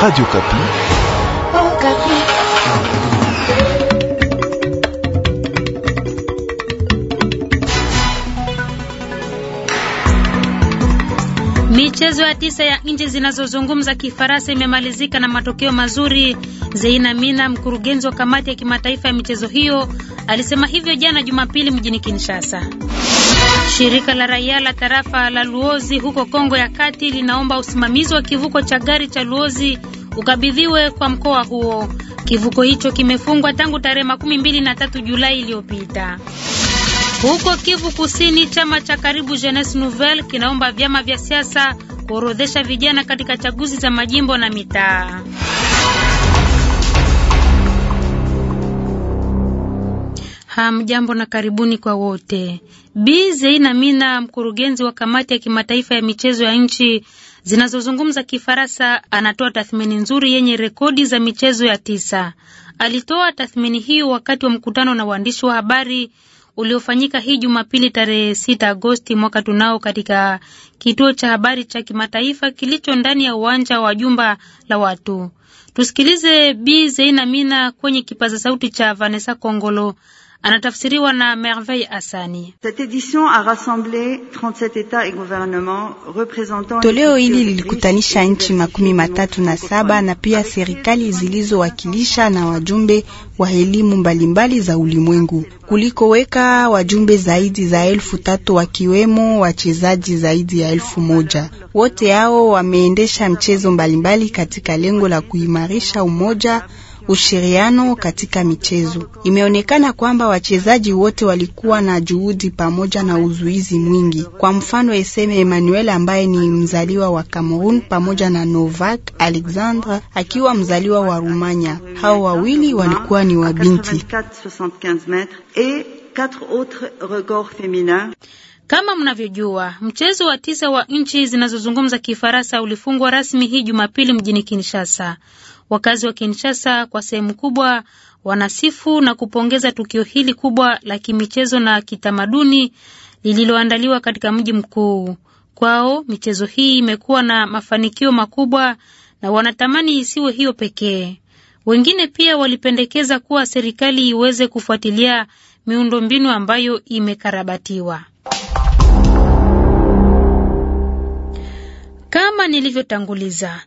Radio Kapi. Oh, Kapi. Michezo ya tisa ya nchi zinazozungumza Kifaransa imemalizika na matokeo mazuri. Zeina Mina, mkurugenzi wa kamati ya kimataifa ya michezo hiyo, alisema hivyo jana Jumapili mjini Kinshasa. Shirika la raia la tarafa la Luozi huko Kongo ya Kati linaomba usimamizi wa kivuko cha gari cha Luozi ukabidhiwe kwa mkoa huo. Kivuko hicho kimefungwa tangu tarehe makumi mbili na tatu Julai iliyopita. Huko Kivu Kusini, chama cha karibu Jeunesse Nouvelle kinaomba vyama vya siasa kuorodhesha vijana katika chaguzi za majimbo na mitaa. Hamjambo na karibuni kwa wote. Bi Zeina Mina, mkurugenzi wa kamati ya kimataifa ya michezo ya nchi zinazozungumza Kifaransa, anatoa tathmini nzuri yenye rekodi za michezo ya tisa. Alitoa tathmini hiyo wakati wa mkutano na waandishi wa habari uliofanyika hii Jumapili tarehe 6 Agosti mwaka tunao katika kituo cha habari cha kimataifa kilicho ndani ya uwanja wa jumba la watu. Tusikilize Bi Zeina Mina kwenye kipaza sauti cha Vanessa Kongolo anatafsiriwa na Merveille Asani. Toleo hili lilikutanisha nchi makumi matatu na saba na pia serikali zilizowakilisha na wajumbe wa elimu mbalimbali za ulimwengu, kuliko weka wajumbe zaidi za elfu tatu wakiwemo wachezaji zaidi ya elfu moja. Wote hao wameendesha mchezo mbalimbali katika lengo la kuimarisha umoja ushiriano katika michezo. Imeonekana kwamba wachezaji wote walikuwa na juhudi pamoja na uzuizi mwingi. Kwa mfano, Eseme Emmanuel ambaye ni mzaliwa wa Cameroon pamoja na Novak Alexandre akiwa mzaliwa wa Rumania. Hao wawili walikuwa ni wabinti. Kama mnavyojua, mchezo wa tisa wa nchi zinazozungumza Kifaransa ulifungwa rasmi hii Jumapili mjini Kinshasa. Wakazi wa Kinshasa kwa sehemu kubwa wanasifu na kupongeza tukio hili kubwa la kimichezo na kitamaduni lililoandaliwa katika mji mkuu. Kwao michezo hii imekuwa na mafanikio makubwa na wanatamani isiwe hiyo pekee. Wengine pia walipendekeza kuwa serikali iweze kufuatilia miundombinu ambayo imekarabatiwa. Kama nilivyotanguliza,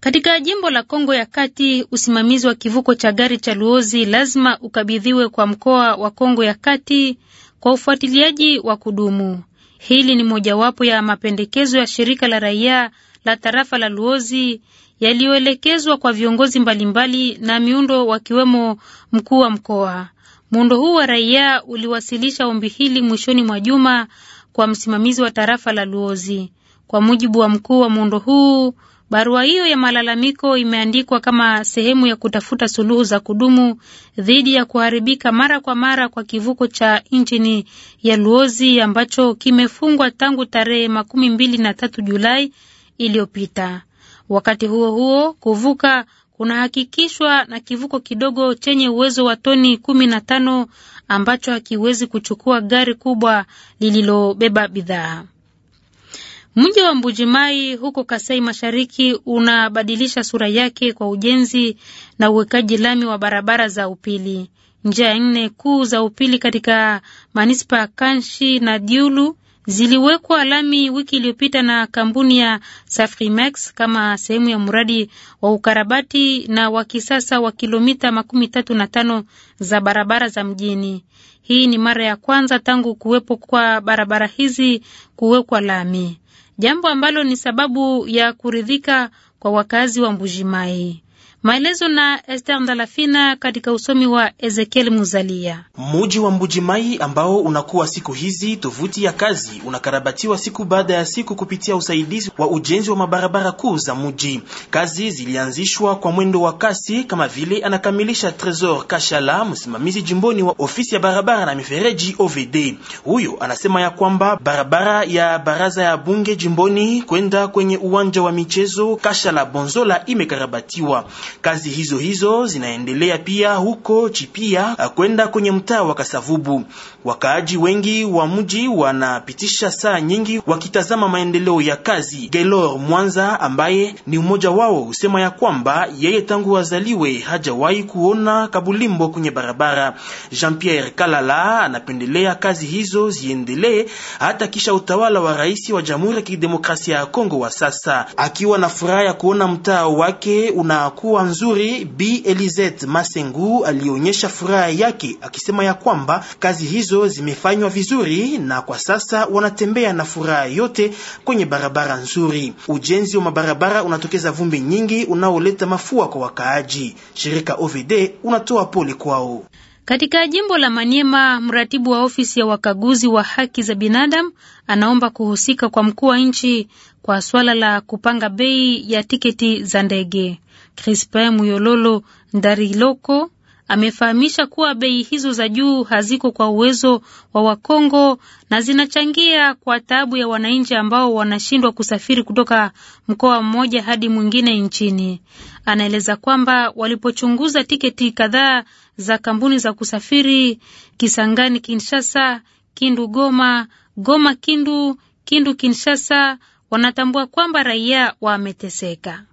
katika jimbo la Kongo ya Kati, usimamizi wa kivuko cha gari cha Luozi lazima ukabidhiwe kwa mkoa wa Kongo ya Kati kwa ufuatiliaji wa kudumu. Hili ni mojawapo ya mapendekezo ya shirika la raia la tarafa la Luozi yaliyoelekezwa kwa viongozi mbalimbali na miundo wakiwemo mkuu wa mkoa. Muundo huu wa raia uliwasilisha ombi hili mwishoni mwa juma kwa msimamizi wa tarafa la Luozi. Kwa mujibu wa mkuu wa muundo huu, barua hiyo ya malalamiko imeandikwa kama sehemu ya kutafuta suluhu za kudumu dhidi ya kuharibika mara kwa mara kwa kivuko cha injini ya Luozi ambacho kimefungwa tangu tarehe makumi mbili na tatu Julai iliyopita. Wakati huo huo, kuvuka kunahakikishwa na kivuko kidogo chenye uwezo wa toni kumi na tano ambacho hakiwezi kuchukua gari kubwa lililobeba bidhaa. Mji wa Mbujimai huko Kasai Mashariki unabadilisha sura yake kwa ujenzi na uwekaji lami wa barabara za upili. Njia nne kuu za upili katika manispa Kanshi na Diulu ziliwekwa lami wiki iliyopita na kampuni ya Safrimex kama sehemu ya mradi wa ukarabati na wa kisasa wa kilomita makumi tatu na tano za barabara za mjini. Hii ni mara ya kwanza tangu kuwepo kwa barabara hizi kuwekwa lami jambo ambalo ni sababu ya kuridhika kwa wakazi wa Mbujimai. Maelezo na Esther Ndalafina katika usomi wa Ezekiel Muzalia. Muji wa Mbujimai ambao unakuwa siku hizi tovuti ya kazi unakarabatiwa siku baada ya siku kupitia usaidizi wa ujenzi wa mabarabara kuu za muji. Kazi zilianzishwa kwa mwendo wa kasi, kama vile anakamilisha Tresor Kashala, msimamizi jimboni wa ofisi ya barabara na mifereji OVD. Huyo anasema ya kwamba barabara ya baraza ya bunge jimboni kwenda kwenye uwanja wa michezo Kashala Bonzola imekarabatiwa. Kazi hizo hizo zinaendelea pia huko Chipia eh, kwenda kwenye mtaa wa Kasavubu. Wakaaji wengi wa mji wanapitisha saa nyingi wakitazama maendeleo ya kazi. gelor Mwanza ambaye ni mmoja wao husema ya kwamba yeye tangu azaliwe hajawahi kuona kabulimbo kwenye barabara. Jean Pierre Kalala anapendelea kazi hizo ziendelee hata kisha utawala wa rais wa Jamhuri ya Kidemokrasia ya Kongo wa sasa, akiwa na furaha ya kuona mtaa wake unakuwa nzuri, Bi elizet Masengu alionyesha furaha yake akisema ya kwamba kazi hizo zimefanywa vizuri na kwa sasa wanatembea na furaha yote kwenye barabara nzuri. Ujenzi wa mabarabara unatokeza vumbi nyingi unaoleta mafua kwa wakaaji. Shirika OVD unatoa pole kwao. Katika jimbo la Maniema, mratibu wa ofisi ya wakaguzi wa haki za binadamu anaomba kuhusika kwa mkuu wa nchi kwa swala la kupanga bei ya tiketi za ndege. Crispin Muyololo Ndariloko amefahamisha kuwa bei hizo za juu haziko kwa uwezo wa Wakongo na zinachangia kwa taabu ya wananchi ambao wanashindwa kusafiri kutoka mkoa mmoja hadi mwingine nchini. Anaeleza kwamba walipochunguza tiketi kadhaa za kampuni za kusafiri Kisangani Kinshasa, Kindu Goma, Goma Kindu, Kindu Kinshasa, wanatambua kwamba raia wameteseka.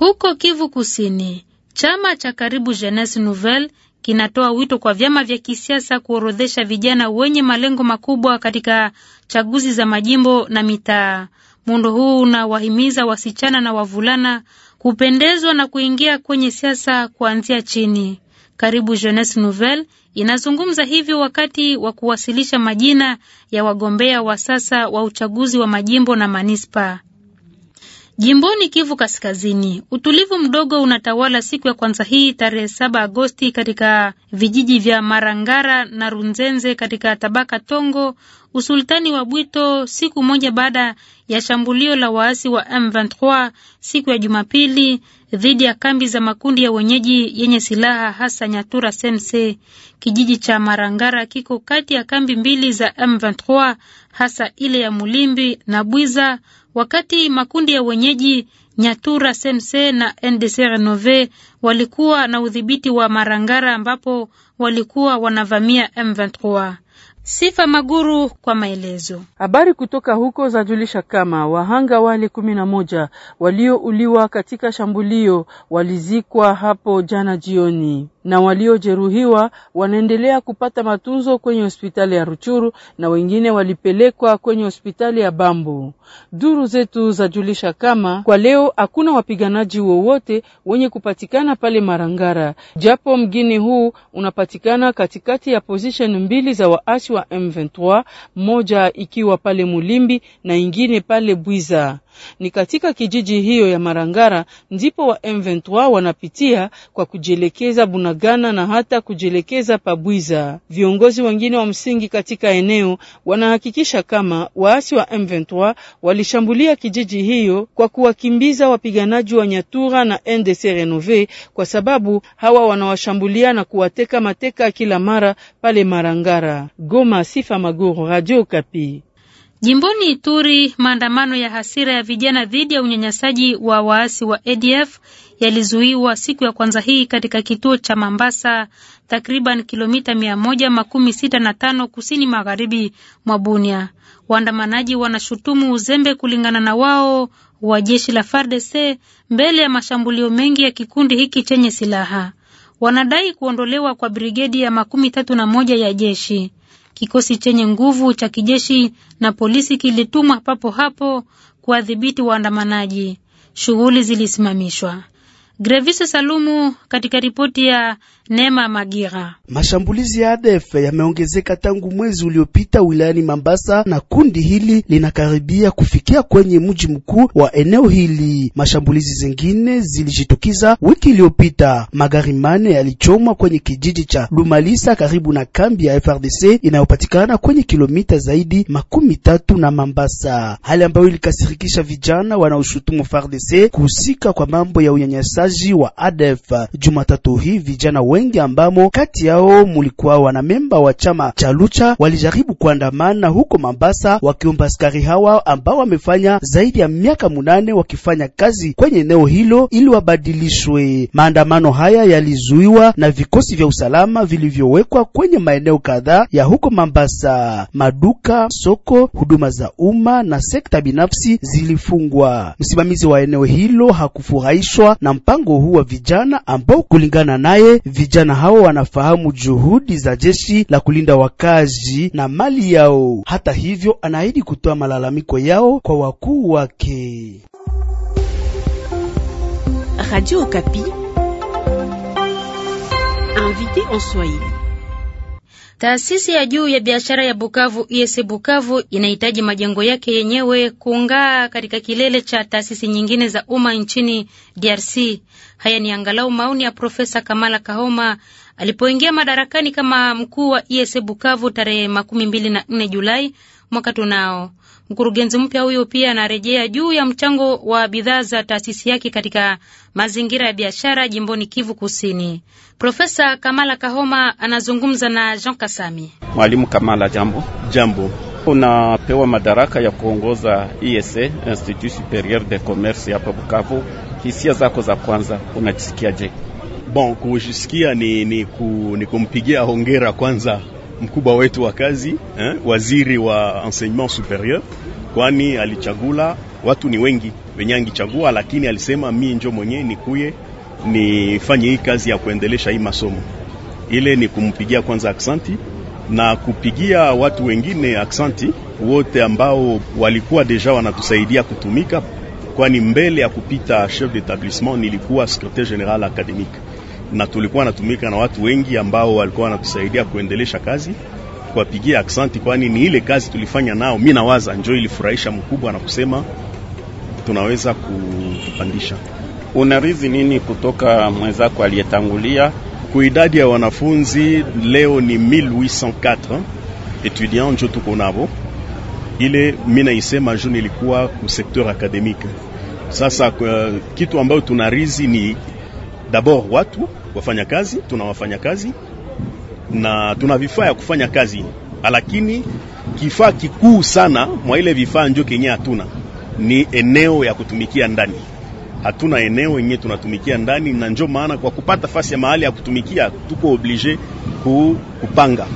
Huko Kivu Kusini, chama cha karibu Jeunesse Nouvelle kinatoa wito kwa vyama vya kisiasa kuorodhesha vijana wenye malengo makubwa katika chaguzi za majimbo na mitaa. Muundo huu unawahimiza wasichana na wavulana kupendezwa na kuingia kwenye siasa kuanzia chini. Karibu Jeunesse Nouvelle inazungumza hivyo wakati wa kuwasilisha majina ya wagombea wa sasa wa uchaguzi wa majimbo na manispa. Jimboni Kivu Kaskazini, utulivu mdogo unatawala siku ya kwanza hii tarehe 7 Agosti katika vijiji vya Marangara na Runzenze katika tabaka Tongo, usultani wa Bwito, siku moja baada ya shambulio la waasi wa M23 siku ya Jumapili dhidi ya kambi za makundi ya wenyeji yenye silaha hasa Nyatura Sense. Kijiji cha Marangara kiko kati ya kambi mbili za M23 hasa ile ya Mulimbi na Bwiza wakati makundi ya wenyeji Nyatura smc na NDC Renove walikuwa na udhibiti wa Marangara ambapo walikuwa wanavamia M23. Sifa Maguru kwa maelezo. Habari kutoka huko zajulisha kama wahanga wale kumi na moja waliouliwa katika shambulio walizikwa hapo jana jioni na waliojeruhiwa wanaendelea kupata matunzo kwenye hospitali ya Ruchuru na wengine walipelekwa kwenye hospitali ya Bambu. Duru zetu zajulisha kama kwa leo hakuna wapiganaji wowote wenye kupatikana pale Marangara, japo mgini huu unapatikana katikati ya position mbili za waasi wa M23, moja ikiwa pale Mulimbi na ingine pale Bwiza. Ni katika kijiji hiyo ya Marangara ndipo wa M23 wanapitia kwa kujielekeza Bunagana na hata kujielekeza Pabwiza. Viongozi wengine wa msingi katika eneo wanahakikisha kama waasi wa M23 walishambulia kijiji hiyo kwa kuwakimbiza wapiganaji wa Nyatura na NDC Renove kwa sababu hawa wanawashambulia na kuwateka mateka kila mara pale Marangara. Goma, Sifa Maguru, Radio Kapi. Jimboni Ituri, maandamano ya hasira ya vijana dhidi ya unyanyasaji wa waasi wa ADF yalizuiwa siku ya kwanza hii katika kituo cha Mambasa, takriban kilomita mia moja makumi sita na tano kusini magharibi mwa Bunia. Waandamanaji wanashutumu uzembe, kulingana na wao, wa jeshi la FARDC mbele ya mashambulio mengi ya kikundi hiki chenye silaha. Wanadai kuondolewa kwa brigedi ya makumi tatu na moja ya jeshi. Kikosi chenye nguvu cha kijeshi na polisi kilitumwa papo hapo kuwadhibiti waandamanaji. Shughuli zilisimamishwa. Grevisi Salumu katika ripoti ya Nema Magira. Mashambulizi ya ADF yameongezeka tangu mwezi uliopita wilayani Mambasa na kundi hili linakaribia kufikia kwenye mji mkuu wa eneo hili. Mashambulizi zingine zilijitokeza wiki iliyopita. Magari mane yalichomwa kwenye kijiji cha Lumalisa karibu na kambi ya FRDC inayopatikana kwenye kilomita zaidi makumi tatu na Mambasa, hali ambayo ilikasirikisha vijana wanaoshutumu FRDC kuhusika kwa mambo ya unyanyasaji wakazi wa ADF Jumatatu hii vijana wengi ambamo kati yao mulikuwa memba wa chama cha Lucha walijaribu kuandamana huko Mambasa wakiomba askari hawa ambao wamefanya zaidi ya miaka munane wakifanya kazi kwenye eneo hilo ili wabadilishwe. Maandamano haya yalizuiwa na vikosi vya usalama vilivyowekwa kwenye maeneo kadhaa ya huko Mambasa. Maduka, soko, huduma za umma na sekta binafsi zilifungwa. Msimamizi wa eneo hilo hakufurahishwa na mpango mpango huu wa vijana ambao kulingana naye vijana hao wanafahamu juhudi za jeshi la kulinda wakazi na mali yao. Hata hivyo, anaahidi kutoa malalamiko yao kwa wakuu wake. Radio Okapi, invité en Swahili. Taasisi ya juu ya biashara ya Bukavu EAC Bukavu inahitaji majengo yake yenyewe kuung'aa katika kilele cha taasisi nyingine za umma nchini DRC. Haya ni angalau maoni ya Profesa Kamala Kahoma alipoingia madarakani kama mkuu wa EAC Bukavu tarehe makumi mbili na nne Julai mwaka tunao. Mkurugenzi mpya huyo pia anarejea juu ya mchango wa bidhaa za taasisi yake katika mazingira ya biashara jimboni Kivu Kusini. Profesa Kamala Kahoma anazungumza na Jean Kasami. Mwalimu Kamala, jambo. Jambo. Unapewa madaraka ya kuongoza ISA, Institut Superieur de Commerce hapa Bukavu. Hisia zako za kwanza unajisikiaje? Bon, kujisikia ni, ni, ku, ni kumpigia hongera kwanza mkubwa wetu wa kazi eh, waziri wa enseignement superieur kwani alichagula watu ni wengi wenye angichagua, lakini alisema mi njo mwenyewe nikuye nifanye hii kazi ya kuendelesha hii masomo. Ile ni kumpigia kwanza aksanti na kupigia watu wengine aksanti wote ambao walikuwa deja wanatusaidia kutumika, kwani mbele ya kupita chef d'etablissement nilikuwa secretaire general académique, na tulikuwa natumika na watu wengi ambao walikuwa wanatusaidia kuendelesha kazi kuwapigia aksanti, kwani ni ile kazi tulifanya nao. Mimi nawaza njo ilifurahisha mkubwa na kusema tunaweza kupandisha. Unarizi nini kutoka mwenzako aliyetangulia? Kuidadi ya wanafunzi leo ni 1804 etudiant njo tuko nabo. Ile mi naisema juu nilikuwa ku secteur academique. Sasa kwa, kitu ambayo tunarizi ni d'abord watu wafanya kazi, tunawafanya kazi na tuna vifaa ya kufanya kazi, lakini kifaa kikuu sana mwa ile vifaa njo kenye hatuna ni eneo ya kutumikia ndani. Hatuna eneo yenye tunatumikia ndani, na njo maana kwa kupata fasi ya mahali ya kutumikia tuko oblige ku, kupanga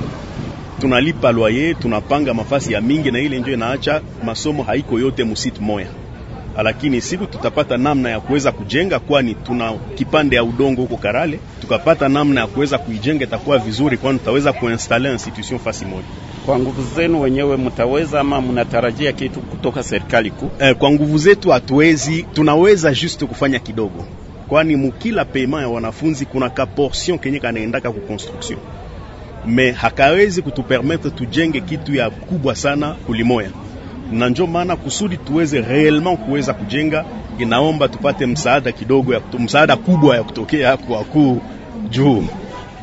tunalipa loyer, tunapanga mafasi ya mingi, na ile njo inaacha masomo haiko yote musitu moya lakini siku tutapata namna ya kuweza kujenga, kwani tuna kipande ya udongo huko Karale. Tukapata namna ya kuweza kuijenga, itakuwa vizuri, kwani tutaweza kuinstale institution fasi moja. Kwa nguvu zenu wenyewe mtaweza ama mnatarajia kitu kutoka serikali kuu? Eh, kwa nguvu zetu hatuwezi, tunaweza just kufanya kidogo, kwani mukila payment ya wanafunzi kuna ka portion kenye kanaendaka ku construction me hakawezi kutupermettre tujenge kitu ya kubwa sana kulimoya na njo maana kusudi tuweze reellement kuweza kujenga inaomba tupate msaada kidogo ya msaada kubwa ya kutokea kwa wakuu juu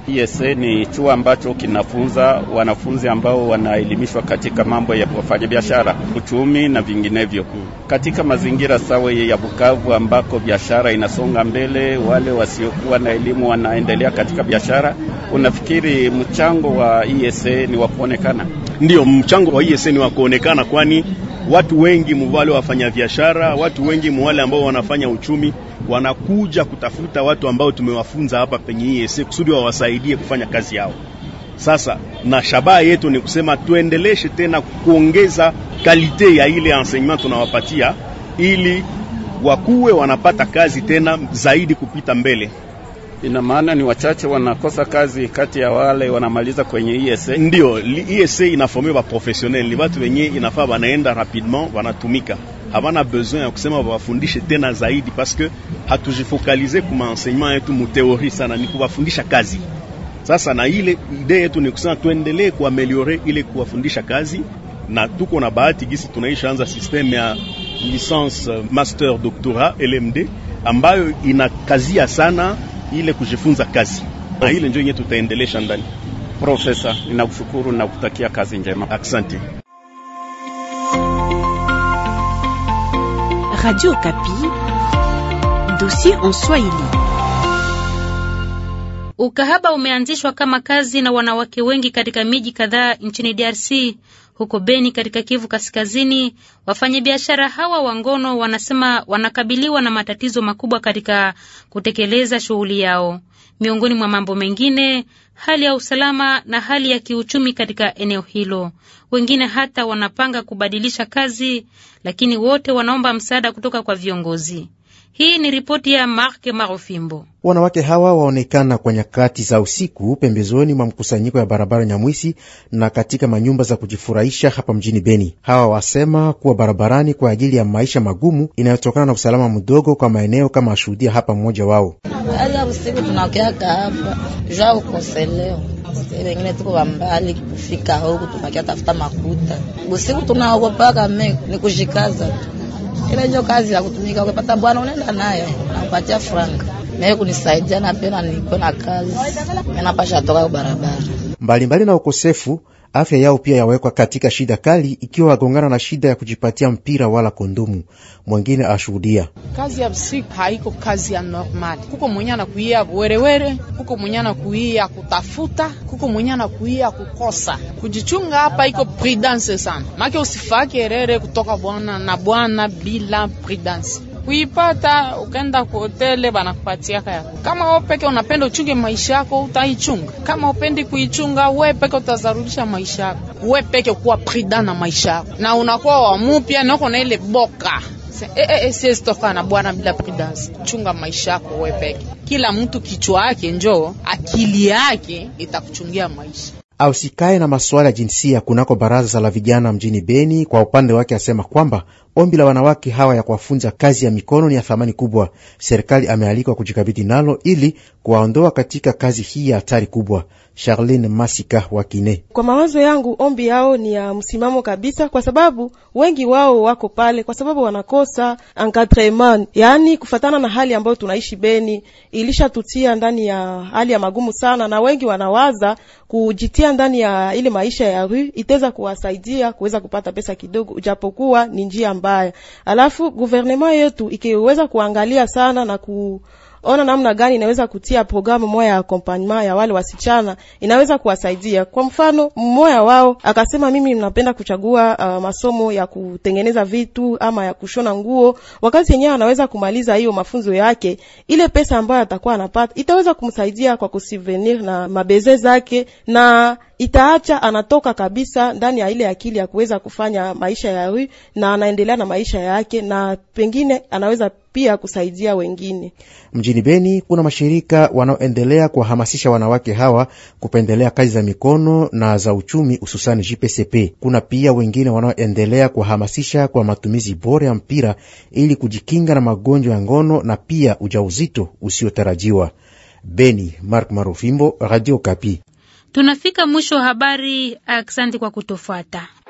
PSA ni chuo ambacho kinafunza wanafunzi ambao wanaelimishwa katika mambo ya wafanyabiashara, uchumi na vinginevyo, katika mazingira sawa ya Bukavu ambako biashara inasonga mbele. Wale wasiokuwa na elimu wanaendelea katika biashara. Unafikiri mchango wa ESA ni wa kuonekana? ndio mchango wa ESA ni wa kuonekana, kwani watu wengi muwale wafanya biashara, watu wengi muwale ambao wanafanya uchumi wanakuja kutafuta watu ambao tumewafunza hapa penye ese kusudi wawasaidie kufanya kazi yao. Sasa na shabaha yetu ni kusema tuendeleshe tena kuongeza kalite ya ile enseignement tunawapatia, ili wakuwe wanapata kazi tena zaidi kupita mbele. Ina maana ni wachache wanakosa kazi kati ya wale wanamaliza kwenye ESA. Ndio ESA inaforme ba professionnel, ni watu wenye inafaa wanaenda rapidement, wanatumika hawana besoin ya kusema wawafundishe tena zaidi, parce que hatujifokalize ku enseignement yetu mu théorie sana, ni kuwafundisha kazi sasa. Na ile idee yetu ni kusema tuendelee kuameliore ile kuwafundisha kazi, na tuko na bahati gisi tunaisha anza system ya licence master doctorat LMD ambayo inakazia sana ile kujifunza kazi, na ile ndio yenye tutaendelesha ndani. Profesa, ninakushukuru na kutakia kazi njema, asante. Radio Kapi, dossier en Swahili. Ukahaba umeanzishwa kama kazi na wanawake wengi katika miji kadhaa nchini DRC. Huko Beni katika Kivu Kaskazini, wafanyabiashara hawa wa ngono wanasema wanakabiliwa na matatizo makubwa katika kutekeleza shughuli yao, miongoni mwa mambo mengine, hali ya usalama na hali ya kiuchumi katika eneo hilo. Wengine hata wanapanga kubadilisha kazi, lakini wote wanaomba msaada kutoka kwa viongozi. Hii ni ripoti ya Mark Marofimbo. Wanawake hawa waonekana kwa nyakati za usiku pembezoni mwa mkusanyiko ya barabara Nyamwisi na katika manyumba za kujifurahisha hapa mjini Beni. Hawa wasema kuwa barabarani kwa ajili ya maisha magumu inayotokana na usalama mdogo kwa maeneo kama ashuhudia hapa mmoja wao. Haya usiku tunakeaka hapa jua ukoseleo wengine tuko wambali kufika huku tunakia tafuta makuta usiku tunaogopaka me ni kushikaza tu ile ndio kazi ya kutumika, ukipata bwana unaenda nayo, nampatia franka naye kunisaidia na pena, niko na kazi mimi napasha toka barabara mbalimbali na ukosefu afya yao pia yawekwa katika shida kali, ikiwa wagongana na shida ya kujipatia mpira wala kondomu. Mwengine ashuhudia kazi ya usiku haiko kazi ya normali. Kuko mwenye anakuia werewere, kuko mwenye anakuia kutafuta, kuko mwenye anakuia kukosa kujichunga. Hapa iko prudence sana, make usifake erere kutoka bwana na bwana bila prudence kuipata ukaenda ukenda kuhotele banakupatiaka kaya. Kama wewe peke unapenda uchunge maisha yako, utaichunga. Kama upendi kuichunga, wewe peke utazarudisha maisha yako. Wewe peke kuwa prida na maisha yako, na unakuwa wamupya nako na ile boka e, e, e, siwezi toka na bwana bila prudence. Chunga maisha yako wewe peke. Kila mtu kichwa yake njoo, akili yake itakuchungia maisha ausikaye na masuala ya jinsia kunako baraza la vijana mjini Beni. Kwa upande wake asema kwamba ombi la wanawake hawa ya kuwafunza kazi ya mikono ni ya thamani kubwa. Serikali amealikwa kujikabidhi nalo ili kuwaondoa katika kazi hii ya hatari kubwa. Charlene Masika wa Kine. Kwa mawazo yangu, ombi yao ni ya msimamo kabisa, kwa sababu wengi wao wako pale kwa sababu wanakosa encadrement, yaani kufatana na hali ambayo tunaishi. Beni ilishatutia ndani ya hali ya magumu sana, na wengi wanawaza kujitia ndani ya ile maisha ya rue itaweza kuwasaidia kuweza kupata pesa kidogo, japokuwa ni njia mbaya. Alafu gouvernement yetu ikiweza kuangalia sana na ku ona namna gani inaweza kutia programu moya ya accompagnement ya wale wasichana inaweza kuwasaidia. Kwa mfano, mmoya wao akasema, mimi mnapenda kuchagua uh, masomo ya kutengeneza vitu ama ya kushona nguo. Wakati yenyewe anaweza kumaliza hiyo mafunzo yake, ile pesa ambayo atakuwa anapata itaweza kumsaidia kwa kusivenir na mabeze zake na itaacha anatoka kabisa ndani ya ile akili ya kuweza kufanya maisha ya huyu, na anaendelea na maisha yake, na pengine anaweza pia kusaidia wengine. Mjini Beni kuna mashirika wanaoendelea kuwahamasisha wanawake hawa kupendelea kazi za mikono na za uchumi, hususani JPCP. Kuna pia wengine wanaoendelea kuwahamasisha kwa matumizi bora ya mpira ili kujikinga na magonjwa ya ngono na pia ujauzito usiotarajiwa. Beni, Mark Marufimbo, Radio Kapi. Tunafika mwisho wa habari. Asante kwa kutofuata.